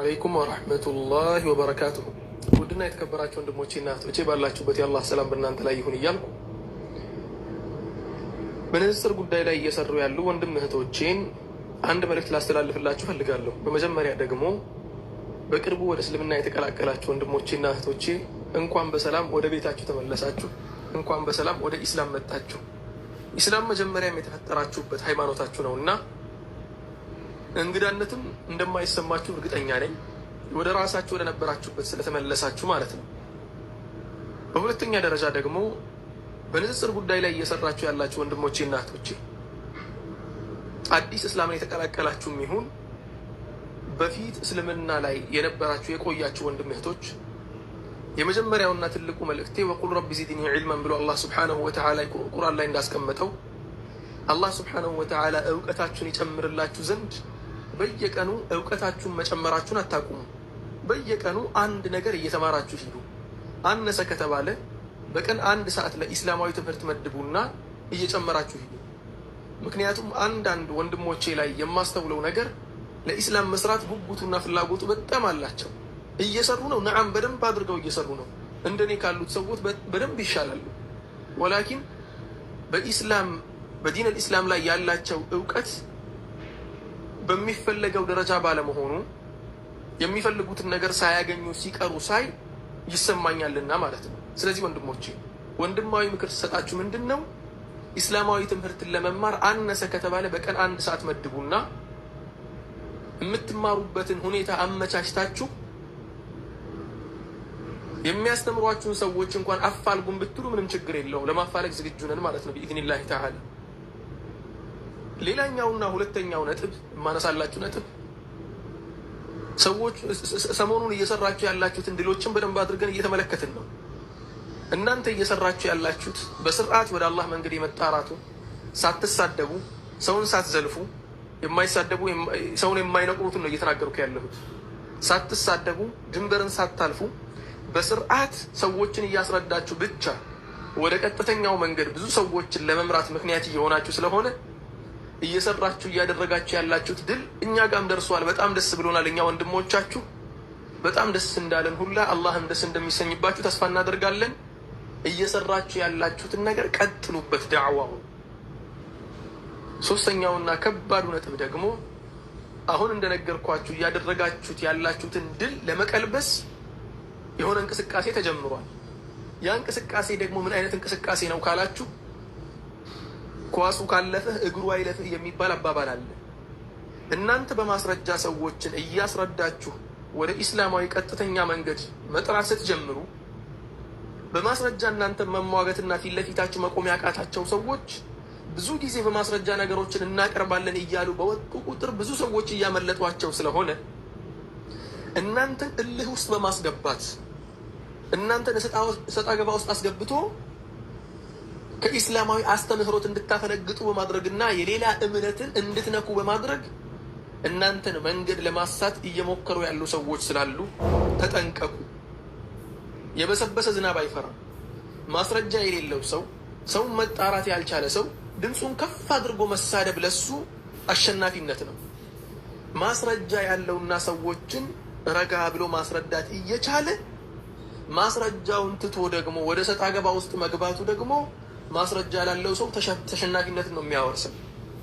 አለይኩም ወረህመቱላህ ወበረካቱሁ ውድና የተከበራቸው ወንድሞቼ እና እህቶቼ ባላችሁበት የአላህ ሰላም በእናንተ ላይ ይሁን እያልኩ በንጽጽር ጉዳይ ላይ እየሰሩ ያሉ ወንድም እህቶቼን አንድ መልእክት ላስተላልፍላችሁ ፈልጋለሁ። በመጀመሪያ ደግሞ በቅርቡ ወደ እስልምና የተቀላቀላችሁ ወንድሞቼና እህቶቼ እንኳን በሰላም ወደ ቤታችሁ ተመለሳችሁ፣ እንኳን በሰላም ወደ ኢስላም መጣችሁ። ኢስላም መጀመሪያም የተፈጠራችሁበት ሃይማኖታችሁ ነውና እንግዳነትም እንደማይሰማችሁ እርግጠኛ ነኝ። ወደ ራሳችሁ ወደ ነበራችሁበት ስለተመለሳችሁ ማለት ነው። በሁለተኛ ደረጃ ደግሞ በንጽጽር ጉዳይ ላይ እየሰራችሁ ያላችሁ ወንድሞቼ እናቶቼ አዲስ እስላምን የተቀላቀላችሁም ይሁን በፊት እስልምና ላይ የነበራችሁ የቆያችሁ ወንድም እህቶች የመጀመሪያውና ትልቁ መልእክቴ ወቁል ረቢ ዚድኒ ዒልመን ብሎ አላህ ስብሓነሁ ወተዓላ ቁርአን ላይ እንዳስቀመጠው አላህ ስብሓነሁ ወተዓላ እውቀታችሁን ይጨምርላችሁ ዘንድ በየቀኑ እውቀታችሁን መጨመራችሁን አታቁሙ። በየቀኑ አንድ ነገር እየተማራችሁ ሂዱ። አነሰ ከተባለ በቀን አንድ ሰዓት ለኢስላማዊ ትምህርት መድቡና እየጨመራችሁ ሂዱ። ምክንያቱም አንዳንድ ወንድሞቼ ላይ የማስተውለው ነገር ለኢስላም መስራት ጉጉቱና ፍላጎቱ በጣም አላቸው። እየሰሩ ነው፣ ነዓም በደንብ አድርገው እየሰሩ ነው። እንደኔ ካሉት ሰዎች በደንብ ይሻላሉ። ወላኪን በኢስላም በዲን አልኢስላም ላይ ያላቸው እውቀት በሚፈለገው ደረጃ ባለመሆኑ የሚፈልጉትን ነገር ሳያገኙ ሲቀሩ ሳይ ይሰማኛልና ማለት ነው። ስለዚህ ወንድሞች ወንድማዊ ምክር ሲሰጣችሁ ምንድን ነው ኢስላማዊ ትምህርትን ለመማር አነሰ ከተባለ በቀን አንድ ሰዓት መድቡና የምትማሩበትን ሁኔታ አመቻችታችሁ የሚያስተምሯችሁን ሰዎች እንኳን አፋልጉን ብትሉ ምንም ችግር የለው። ለማፋለግ ዝግጁ ነን ማለት ነው ቢኢዝኒላህ ተዓላ። ሌላኛውና ሁለተኛው ነጥብ የማነሳላችሁ ነጥብ ሰዎች ሰሞኑን እየሰራችሁ ያላችሁትን ድሎችን በደንብ አድርገን እየተመለከትን ነው። እናንተ እየሰራችሁ ያላችሁት በስርዓት ወደ አላህ መንገድ የመጣራቱ ሳትሳደቡ፣ ሰውን ሳትዘልፉ፣ የማይሳደቡ ሰውን የማይነቁሩትን ነው እየተናገርኩ ያለሁት። ሳትሳደቡ፣ ድንበርን ሳታልፉ፣ በስርዓት ሰዎችን እያስረዳችሁ ብቻ ወደ ቀጥተኛው መንገድ ብዙ ሰዎችን ለመምራት ምክንያት እየሆናችሁ ስለሆነ እየሰራችሁ እያደረጋችሁ ያላችሁት ድል እኛ ጋም ደርሷል። በጣም ደስ ብሎናል። እኛ ወንድሞቻችሁ በጣም ደስ እንዳለን ሁላ አላህም ደስ እንደሚሰኝባችሁ ተስፋ እናደርጋለን። እየሰራችሁ ያላችሁትን ነገር ቀጥሉበት። ዳዕዋው ሶስተኛውና ከባዱ ነጥብ ደግሞ አሁን እንደነገርኳችሁ እያደረጋችሁት ያላችሁትን ድል ለመቀልበስ የሆነ እንቅስቃሴ ተጀምሯል። ያ እንቅስቃሴ ደግሞ ምን አይነት እንቅስቃሴ ነው ካላችሁ ኳሱ ካለፈህ እግሩ አይለፍህ የሚባል አባባል አለ። እናንተ በማስረጃ ሰዎችን እያስረዳችሁ ወደ ኢስላማዊ ቀጥተኛ መንገድ መጥራት ስትጀምሩ በማስረጃ እናንተ መሟገትና ፊት ለፊታችሁ መቆም ያቃታቸው ሰዎች ብዙ ጊዜ በማስረጃ ነገሮችን እናቀርባለን እያሉ በወጡ ቁጥር ብዙ ሰዎች እያመለጧቸው ስለሆነ እናንተን እልህ ውስጥ በማስገባት እናንተን እሰጣ ገባ ውስጥ አስገብቶ ከኢስላማዊ አስተምህሮት እንድታፈነግጡ በማድረግና የሌላ እምነትን እንድትነኩ በማድረግ እናንተን መንገድ ለማሳት እየሞከሩ ያሉ ሰዎች ስላሉ ተጠንቀቁ። የበሰበሰ ዝናብ አይፈራም። ማስረጃ የሌለው ሰው፣ ሰውን መጣራት ያልቻለ ሰው ድምፁን ከፍ አድርጎ መሳደብ ለሱ አሸናፊነት ነው። ማስረጃ ያለውና ሰዎችን ረጋ ብሎ ማስረዳት እየቻለ ማስረጃውን ትቶ ደግሞ ወደ ሰጣ አገባ ውስጥ መግባቱ ደግሞ ማስረጃ ላለው ሰው ተሸናፊነትን ነው የሚያወርስም።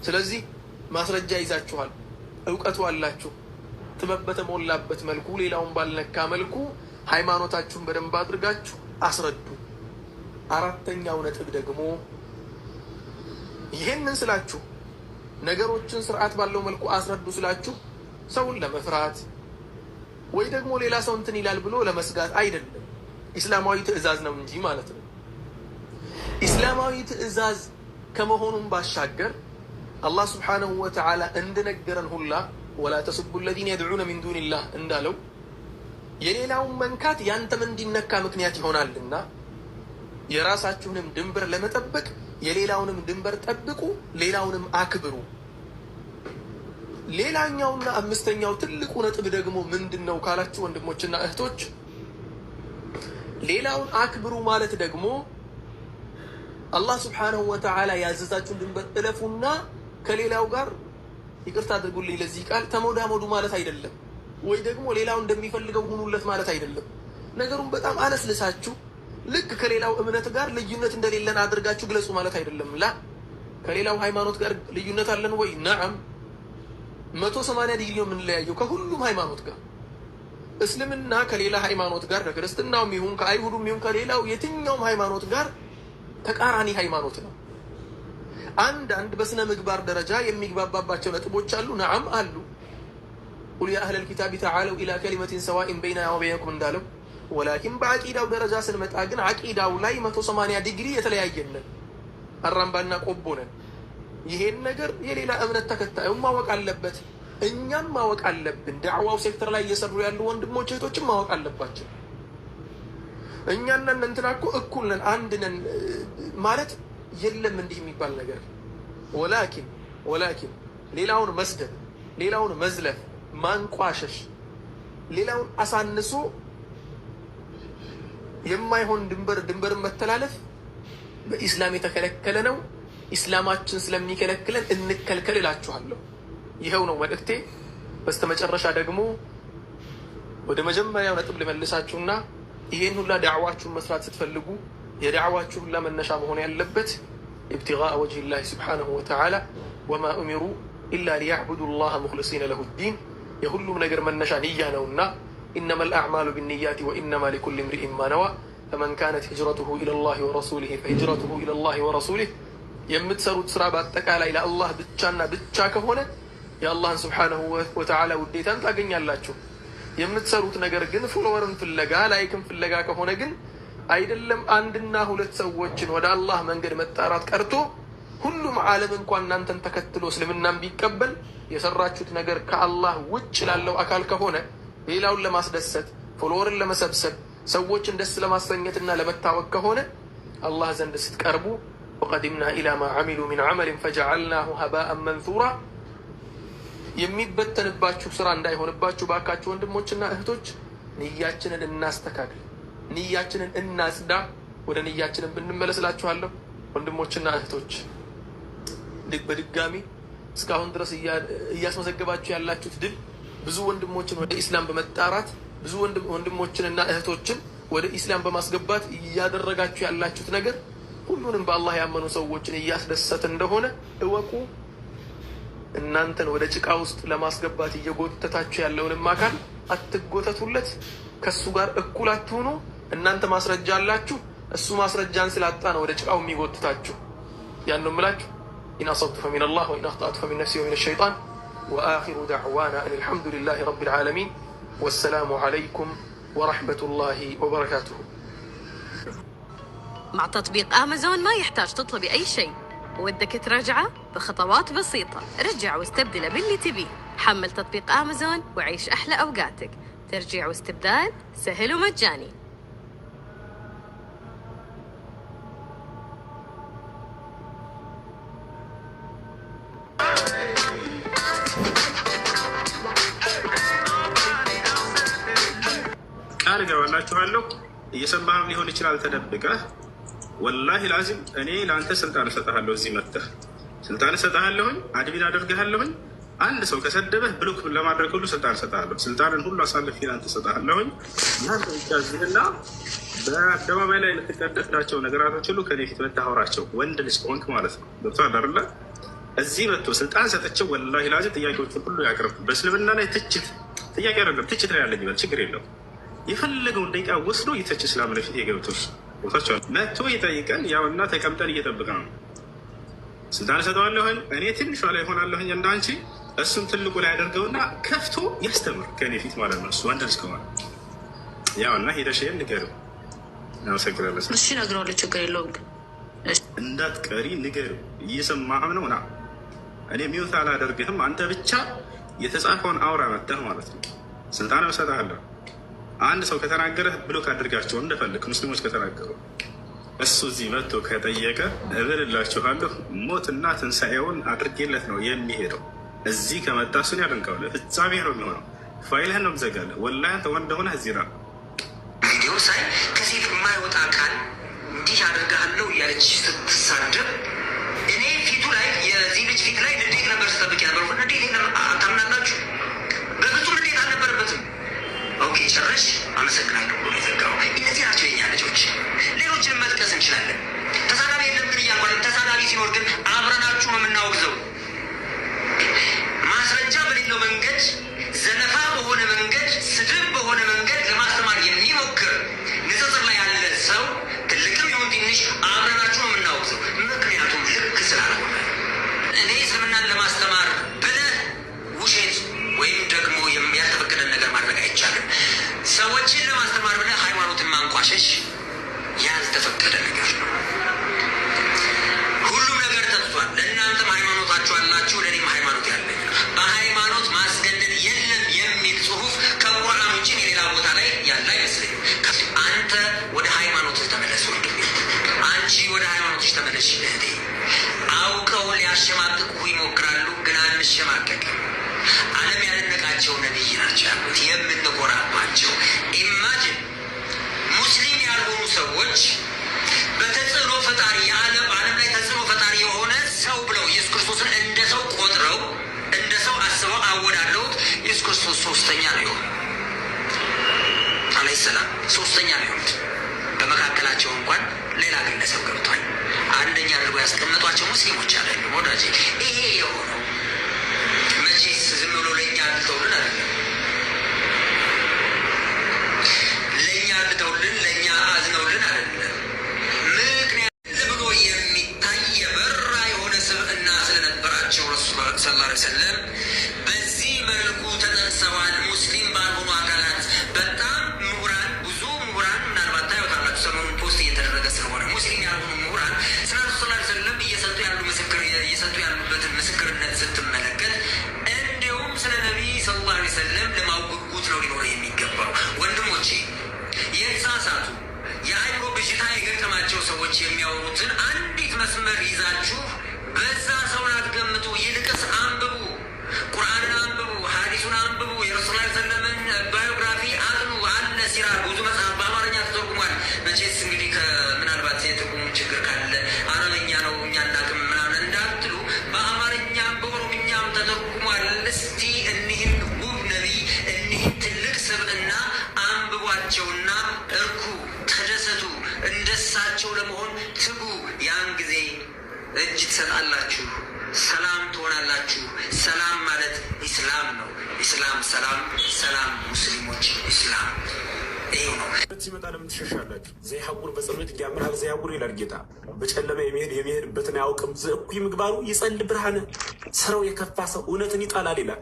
ስለዚህ ማስረጃ ይዛችኋል፣ እውቀቱ አላችሁ። ጥበብ በተሞላበት መልኩ ሌላውን ባልነካ መልኩ ሃይማኖታችሁን በደንብ አድርጋችሁ አስረዱ። አራተኛው ነጥብ ደግሞ ይህንን ስላችሁ ነገሮችን ስርዓት ባለው መልኩ አስረዱ ስላችሁ ሰውን ለመፍራት ወይ ደግሞ ሌላ ሰው እንትን ይላል ብሎ ለመስጋት አይደለም። ኢስላማዊ ትዕዛዝ ነው እንጂ ማለት ነው። ኢስላማዊ ትዕዛዝ ከመሆኑም ባሻገር አላህ ስብሓነሁ ወተዓላ እንደነገረን ሁላ ወላ ተስቡ ለዚነ የድዑነ ሚን ዱንላህ እንዳለው የሌላውን መንካት ያንተም እንዲነካ ምክንያት ይሆናልና የራሳችሁንም ድንበር ለመጠበቅ የሌላውንም ድንበር ጠብቁ፣ ሌላውንም አክብሩ። ሌላኛውና አምስተኛው ትልቁ ነጥብ ደግሞ ምንድን ነው ካላችሁ ወንድሞችና እህቶች ሌላውን አክብሩ ማለት ደግሞ አላህ ስብሓነሁ ወተዓላ ያዘዛችሁን ድንበር እለፉና ከሌላው ጋር ይቅርታ አድርጉልኝ፣ ለዚህ ቃል ተሞዳሞዱ ማለት አይደለም፣ ወይ ደግሞ ሌላው እንደሚፈልገው ሁኑለት ማለት አይደለም። ነገሩን በጣም አለስልሳችሁ ልክ ከሌላው እምነት ጋር ልዩነት እንደሌለን አድርጋችሁ ግለጹ ማለት አይደለም። ላ ከሌላው ሃይማኖት ጋር ልዩነት አለን ወይ? ነዓም፣ መቶ ሰማንያ ዲግሪ ነው የምንለያየው ከሁሉም ሃይማኖት ጋር። እስልምና ከሌላ ሃይማኖት ጋር ከክርስትናውም ይሁን ከአይሁዱም ይሁን ከሌላው የትኛውም ሃይማኖት ጋር ተቃራኒ ሃይማኖት ነው። አንዳንድ በስነ ምግባር ደረጃ የሚግባባባቸው ነጥቦች አሉ። ነዓም አሉ። ቁል ያ አህለል ኪታቢ ተዓለው ኢላ ከሊመቲን ሰዋኢን በይነና ወበይነኩም እንዳለው ወላኪን በአቂዳው ደረጃ ስንመጣ ግን አቂዳው ላይ መቶ ሰማንያ ዲግሪ የተለያየነን አራምባና ቆቦ ነን። ይሄን ነገር የሌላ እምነት ተከታዩ ማወቅ አለበት፣ እኛም ማወቅ አለብን። ዳዕዋው ሴክተር ላይ እየሰሩ ያሉ ወንድሞች እህቶችም ማወቅ አለባቸው። እኛና እንትና እኮ እኩል ነን፣ አንድ ነን ማለት የለም እንዲህ የሚባል ነገር። ወላኪን ወላኪን ሌላውን መስደብ፣ ሌላውን መዝለፍ፣ ማንቋሸሽ፣ ሌላውን አሳንሶ የማይሆን ድንበር ድንበርን መተላለፍ በኢስላም የተከለከለ ነው። ኢስላማችን ስለሚከለክለን እንከልከል እላችኋለሁ። ይኸው ነው መልእክቴ። በስተመጨረሻ ደግሞ ወደ መጀመሪያው ነጥብ ልመልሳችሁና ይሄን ሁላ ዳዕዋችሁን መስራት ስትፈልጉ የዳዕዋችሁ ሁላ መነሻ መሆን ያለበት ኢብቲጋአ ወጅህላህ ስብሓነሁ ወተዓላ ወማ ኡሚሩ ኢላ ሊያዕቡዱ ላህ ሙክልሲነ ለሁ ዲን የሁሉም ነገር መነሻ ንያ ነውና ኢነማ ልአዕማሉ ብንያት ወኢነማ ሊኩል ምርኢን ማነዋ ነዋ ፈመን ካነት ሂጅረቱሁ ኢለላህ ወረሱሊህ ፈሂጅረቱሁ ኢለላህ ወረሱሊህ የምትሰሩት ስራ በአጠቃላይ ለአላህ ብቻና ብቻ ከሆነ የአላህን ስብሓነሁ ወተዓላ ውዴታን ታገኛላችሁ የምትሰሩት ነገር ግን ፎሎወርን ፍለጋ ላይክን ፍለጋ ከሆነ ግን አይደለም አንድና ሁለት ሰዎችን ወደ አላህ መንገድ መጣራት ቀርቶ ሁሉም ዓለም እንኳን እናንተን ተከትሎ እስልምናን ቢቀበል የሰራችሁት ነገር ከአላህ ውጭ ላለው አካል ከሆነ ሌላውን ለማስደሰት ፎሎወርን ለመሰብሰብ ሰዎችን ደስ ለማሰኘትና ለመታወቅ ከሆነ አላህ ዘንድ ስትቀርቡ ወቀዲምና ኢላ ማ አሚሉ ሚን ዐመሊን ፈጀዓልናሁ ሀባአን መንሱራ የሚበተንባችሁ ስራ እንዳይሆንባችሁ ባካችሁ ወንድሞችና እህቶች ንያችንን እናስተካክል፣ ንያችንን እናጽዳ። ወደ ንያችንን ብንመለስላችኋለሁ ወንድሞችና እህቶች በድጋሚ እስካሁን ድረስ እያስመዘገባችሁ ያላችሁት ድል ብዙ ወንድሞችን ወደ ኢስላም በመጣራት ብዙ ወንድሞችንና እህቶችን ወደ ኢስላም በማስገባት እያደረጋችሁ ያላችሁት ነገር ሁሉንም በአላህ ያመኑ ሰዎችን እያስደሰት እንደሆነ እወቁ። እናንተን ወደ ጭቃ ውስጥ ለማስገባት እየጎተታችሁ ያለውንም አካል አትጎተቱለት፣ ከእሱ ጋር እኩል አትሆኑ። እናንተ ማስረጃ አላችሁ፣ እሱ ማስረጃን ስላጣ ነው ወደ ጭቃው የሚጎትታችሁ። ያን ነው የምላችሁ። ኢን አሰብቱ ፈሚን አላህ ወኢን አኽጣእቱ ፈሚን ነፍሲ ወሚን ሸይጣን። ወአኺሩ ዳዕዋና አን አልሐምዱሊላሂ ረቢል ዓለሚን ወሰላሙ ዓለይኩም ወረሕመቱላሂ ወበረካቱሁ። مع تطبيق امازون ما يحتاج تطلبي اي شيء ودك تراجعه بخطوات بسيطة رجع واستبدله باللي تبيه حمل تطبيق أمازون وعيش أحلى أوقاتك ترجيع واستبدال سهل ومجاني ቃል ገባላችኋለሁ። እየሰማህም ሊሆን ይችላል ተደብቀህ። ወላሂ ላዚም እኔ ለአንተ ስልጣን እሰጥሃለሁ እዚህ መጥተህ ስልጣን እሰጥሃለሁኝ፣ አድሚን አደርግሃለሁኝ። አንድ ሰው ከሰደበህ ብሎክ ለማድረግ ሁሉ ስልጣን እሰጥሃለሁ፣ ስልጣንን ሁሉ አሳልፌ ለአንተ እሰጥሃለሁኝ። ዚህና በአደባባይ ላይ የምትቀደፍላቸው ነገራቶች ሁሉ ከኔ ፊት መጥተህ ወንድ ልጅ ከሆንክ ማለት ነው። ገብቶሃል አይደለ? እዚህ መጥቶ ስልጣን ሰጥቼው ወላሂ ላዚ ጥያቄዎችን ሁሉ ያቅርብ። በእስልምና ላይ ትችት ጥያቄ አይደለም ትችት ላይ ያለኝ በል ችግር የለው የፈለገውን ደቂቃ ወስዶ የተች ስላምለፊት የገብቶች ቦታቸዋል መጥቶ ይጠይቀን። ያው እና ተቀምጠን እየጠብቀ ነው ስልጣን እሰጠዋለሁኝ እኔ ትንሿ ላይ ሆናለሁኝ እንዳንቺ እሱም ትልቁ ላይ አደርገውና ከፍቶ ያስተምር ከእኔ ፊት ማለት ነው። እሱ ወንድ ልጅ ከሆነ ያው እና ሄደሽ ይሄን ንገሪው። አመሰግናለሁ። እሺ እነግረዋለሁ፣ ችግር የለውም ግን እንዳትቀሪ ንገሪው። እየሰማህም ነው ና እኔ ሚውት አላደርግህም። አንተ ብቻ የተጻፈውን አውራ መተህ ማለት ነው። ስልጣን እሰጥሃለሁ። አንድ ሰው ከተናገረህ ብሎክ አድርጋቸው እንደፈልግ ሙስሊሞች ከተናገሩ እሱ እዚህ መጥቶ ከጠየቀ እብልላችኋለሁ ሞትና ትንሣኤውን አድርጌለት ነው የሚሄደው። እዚህ ከመጣ እሱን ያደንቀው ፍጻሜ ነው የሚሆነው። ፋይልህን ነው የምዘጋለህ። ወላሂ አንተ ወንድ ሆነህ እዚህ ራ ቪዲዮ ሳይ ከሴት የማይወጣ ቃል እንዲህ አደርግሃለሁ እያለች ስትሳደብ እኔ ፊቱ ላይ የዚህ ልጅ ፊት ላይ ንዴት ነበር ስጠብቅ ነበር። ንዴት ታምናላችሁ? በፍጹም ንዴት አልነበረበትም። ኦኬ ጨረሽ። አመሰግናለሁ ብሎ ዘጋው። እነዚህ ናቸው የኛ ልጆች። ሌሎችን መጥቀስ እንችላለን። ሶስተኛ ነው የሆኑ አለይ ሰላም ሶስተኛ ነው የሆኑት። በመካከላቸው እንኳን ሌላ ግለሰብ ገብቷል። አንደኛ አድርጎ ያስቀመጧቸው ሙስሊሞች አለ ወዳጅ ይሄ የሆነው መቼስ ዝም ብሎ ለእኛ ለእኛ ለእኛ አዝነውልን የሆነ በዚህ መልኩ ተሰብስበዋል። ሙስሊም ባልሆኑ አካላት በጣም ምሁራን፣ ብዙ ምሁራን ምናልባት ታዩታላችሁ፣ ሰሞኑን ፖስት እየተደረገ ስለሆነ ሙስሊም ያልሆኑ ምሁራን ስለ ረሱ ሰለም እየሰጡ ያሉ እየሰጡ ያሉበትን ምስክርነት ስትመለከት እንዲሁም ስለ ነቢይ ስለ ላ ሰለም ለማወቅ ጉጉት ነው ሊኖረ የሚገባው። ወንድሞቼ የተሳሳቱ የአእምሮ ብሽታ የገጠማቸው ሰዎች የሚያወሩትን አንዲት መስመር ይዛችሁ በዛ ሰውን አትገምጡ፣ ይልቅስ አንብቡ። ሐዲሱን አንብቡ። የረሱላ ሰለምን ባዮግራፊ አጥኑ። አነ ሲራ ብዙ መጽሐፍ በአማርኛ ተተርጉሟል። መቼስ እንግዲህ ምናልባት የትርጉሙ ችግር ካለ አረበኛ ነው እኛ እናቅም ምናምን እንዳትሉ በአማርኛም በኦሮምኛም ተተርጉሟል። እስቲ እኒህን ውብ እኒህን ትልቅ ስብዕና አንብቧቸውና እርኩ፣ ተደሰቱ፣ እንደሳቸው ለመሆን ትጉ። ያን ጊዜ እጅ ትሰጣላችሁ፣ ሰላም ትሆናላችሁ። ሰላም ኢስላም ነው። ኢስላም ሰላም፣ ሰላም ሙስሊሞች ኢስላም ሲመጣ ለምን ትሸሻላችሁ? ዘይሐቁር በጸሎት እንዲያምራል ዘይሐቁር ይላል ጌታ። በጨለማ የሚሄድ የሚሄድበትን አያውቅም። ዘእኩይ ምግባሩ ይጸል ብርሃነ ስራው የከፋ ሰው እውነትን ይጠላል ይላል።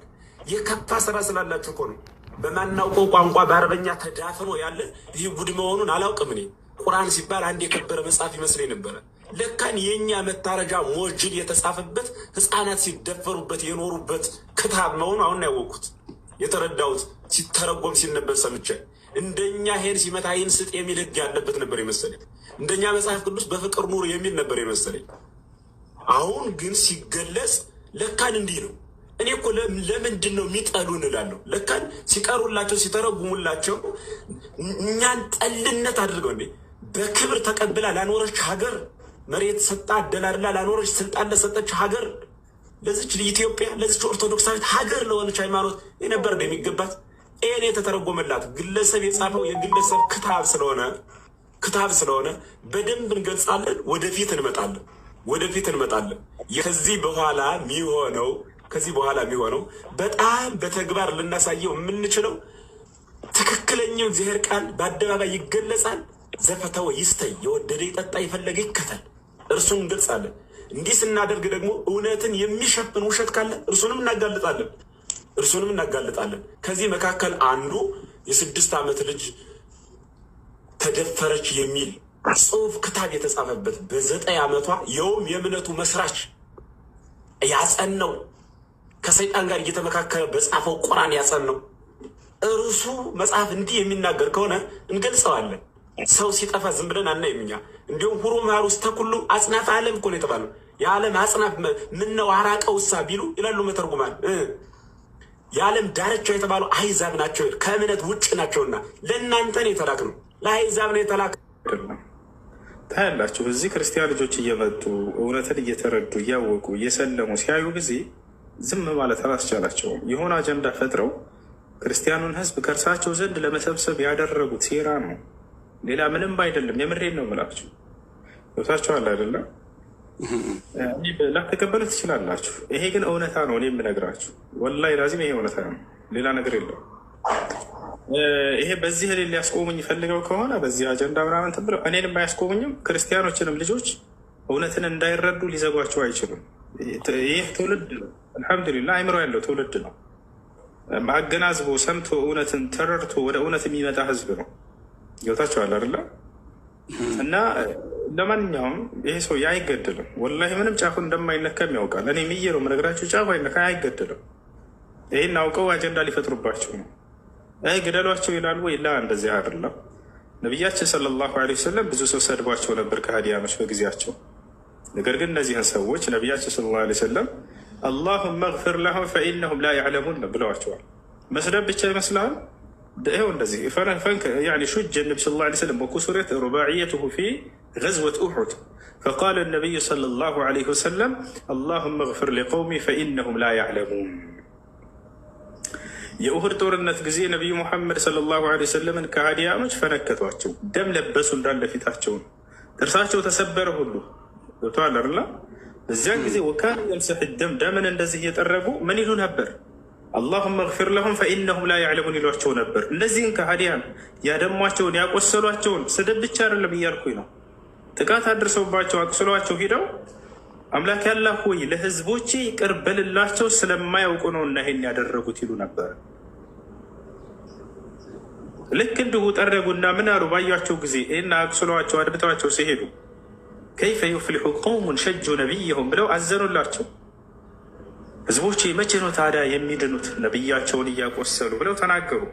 የከፋ ስራ ስላላችሁ እኮ ነው። በማናውቀው ቋንቋ በአረበኛ ተዳፍኖ ያለ ይህ ቡድ መሆኑን አላውቅም እኔ። ቁርአን ሲባል አንድ የከበረ መጽሐፍ ይመስለኝ ነበረ። ለካን የእኛ መታረጃ ሞጅል የተጻፈበት ህፃናት ሲደፈሩበት የኖሩበት ክታብ መሆኑ አሁን ያወቅኩት የተረዳሁት ሲተረጎም ሲነበብ ሰምቼ እንደኛ ሄን ሲመታ ይህን ስጥ የሚል ህግ ያለበት ነበር የመሰለኝ። እንደኛ መጽሐፍ ቅዱስ በፍቅር ኑር የሚል ነበር የመሰለኝ። አሁን ግን ሲገለጽ ለካን እንዲህ ነው። እኔ እኮ ለምንድን ነው የሚጠሉ እንላለሁ። ለካን ሲቀሩላቸው ሲተረጉሙላቸው እኛን ጠልነት አድርገው እንዴ በክብር ተቀብላ ላኖረች ሀገር መሬት ሰጣ አደላድላ ላኖረች ስልጣን ለሰጠች ሀገር ለዚች ኢትዮጵያ ለዚች ኦርቶዶክሳዊት ሀገር ለሆነች ሃይማኖት የነበር የሚገባት። ይህን የተተረጎመላት ግለሰብ የጻፈው የግለሰብ ክታብ ስለሆነ ክታብ ስለሆነ በደንብ እንገልጻለን። ወደፊት እንመጣለን። ወደፊት እንመጣለን። ከዚህ በኋላ የሚሆነው ከዚህ በኋላ የሚሆነው በጣም በተግባር ልናሳየው የምንችለው ትክክለኛው እግዚአብሔር ቃል በአደባባይ ይገለጻል። ዘፈተወ ይስተይ የወደደ ይጠጣ የፈለገ ይከተል። እርሱን እንገልጻለን። እንዲህ ስናደርግ ደግሞ እውነትን የሚሸፍን ውሸት ካለ እርሱንም እናጋልጣለን እርሱንም እናጋልጣለን። ከዚህ መካከል አንዱ የስድስት ዓመት ልጅ ተደፈረች የሚል ጽሑፍ ክታብ የተጻፈበት በዘጠኝ ዓመቷ የውም የእምነቱ መስራች ያጸነው ከሰይጣን ጋር እየተመካከለ በጻፈው ቁራን ያጸነው እርሱ መጽሐፍ እንዲህ የሚናገር ከሆነ እንገልጸዋለን። ሰው ሲጠፋ ዝም ብለን አናይም እኛ። እንዲሁም ሁሩ መሃር ውስተ ኩሉ አጽናፈ ዓለም እኮ ነው የተባለው። የዓለም አጽናፍ ምነው ውሳ ቢሉ ይላሉ መተርጉማን። የዓለም ዳርቻው የተባሉ አይዛብ ናቸው፣ ከእምነት ውጭ ናቸውና ለእናንተ ነው የተላክ ነው፣ ለአይዛብ ነው የተላክ ታያላችሁ። እዚህ ክርስቲያን ልጆች እየመጡ እውነትን እየተረዱ እያወቁ እየሰለሙ ሲያዩ ጊዜ ዝም ማለት አላስቻላቸውም። የሆነ አጀንዳ ፈጥረው ክርስቲያኑን ህዝብ ከእርሳቸው ዘንድ ለመሰብሰብ ያደረጉት ሴራ ነው። ሌላ ምንም አይደለም። የምሬን ነው የምላችሁ። ገብታችኋል አይደለም? ላትቀበሉት ትችላላችሁ። ይሄ ግን እውነታ ነው። እኔ የምነግራችሁ ወላሂ ላዚም ይሄ እውነታ ነው። ሌላ ነገር የለው። ይሄ በዚህ ህሌ ሊያስቆሙኝ ይፈልገው ከሆነ በዚህ አጀንዳ ምናምን ብለው እኔንም አያስቆሙኝም። ክርስቲያኖችንም ልጆች እውነትን እንዳይረዱ ሊዘጓቸው አይችሉም። ይህ ትውልድ ነው። አልሐምዱሊላ አይምሮ ያለው ትውልድ ነው። አገናዝቦ ሰምቶ እውነትን ተረድቶ ወደ እውነት የሚመጣ ህዝብ ነው። ይወታቸዋል አይደለ? እና ለማንኛውም ይሄ ሰው አይገደልም። ወላሂ ምንም ጫፉ እንደማይነካ ያውቃል። እኔ ምዬ ነው የምነግራቸው፣ ጫፉ አይነካ፣ አይገደልም። ይህን አውቀው አጀንዳ ሊፈጥሩባቸው ነው። አይ ግደሏቸው ይላሉ ወይ? ላ እንደዚህ አይደለም። ነቢያችን ሰለላሁ ዐለይሂ ወሰለም ብዙ ሰው ሰድቧቸው ነበር ከሃዲያኖች በጊዜያቸው። ነገር ግን እነዚህን ሰዎች ነቢያችን ሰለላሁ ዐለይሂ ወሰለም አላሁመ ግፍር ለሁም ፈኢነሁም ላ ያዕለሙን ብለዋቸዋል። መስደብ ብቻ ይመስልሃል? ይኸው እንደዚህ ሹጀ ነቢ ስ ላ ሰለም ወኩስረት ሩባዕየትሁ ፊ ገዝወት ኡሑድ ፈቃለ ነቢዩ ሰለላሁ ዐለይሂ ወሰለም አላሁመ ግፍር ሊቀውሚ ፈኢነሁም ላ ያዕለሙን። የኡሁድ ጦርነት ጊዜ ነቢዩ ሙሐመድ ሰለላሁ ዐለይሂ ወሰለምን ከሃዲያኖች ፈነከቷቸው፣ ደም ለበሱ እንዳለ ፊታቸውን፣ ጥርሳቸው ተሰበረ ሁሉ ገብተዋል በዚያን ጊዜ ወካን የምስሕ ደም ደምን እንደዚህ እየጠረጉ ምን ይሉ ነበር? አላሁመ መግፊር ለሁም ፈኢነሁም ላ ያዕለሙን ይሏቸው ነበር። እነዚህን ከሀዲያን ያደሟቸውን ያቆሰሏቸውን ስድብ ብቻ አይደለም እያልኩኝ ነው። ጥቃት አድርሰውባቸው አቁስሏቸው ሂደው አምላክ ያላህ ሆይ ለህዝቦቼ ይቅር በልላቸው ስለማያውቁ ነው እና ይሄን ያደረጉት ይሉ ነበር። ልክ እንዲሁ ጠረጉና ምን አሉ ባዩቸው ጊዜ እና አቁስሏቸው አድብተዋቸው ሲሄዱ ከይፈ ዩፍሊሑ ቀውሙን ሸጁ ነቢይሁም ብለው አዘኑላቸው። ህዝቦች መቼ ነው ታዲያ የሚድኑት? ነቢያቸውን እያቆሰሉ ብለው ተናገሩ።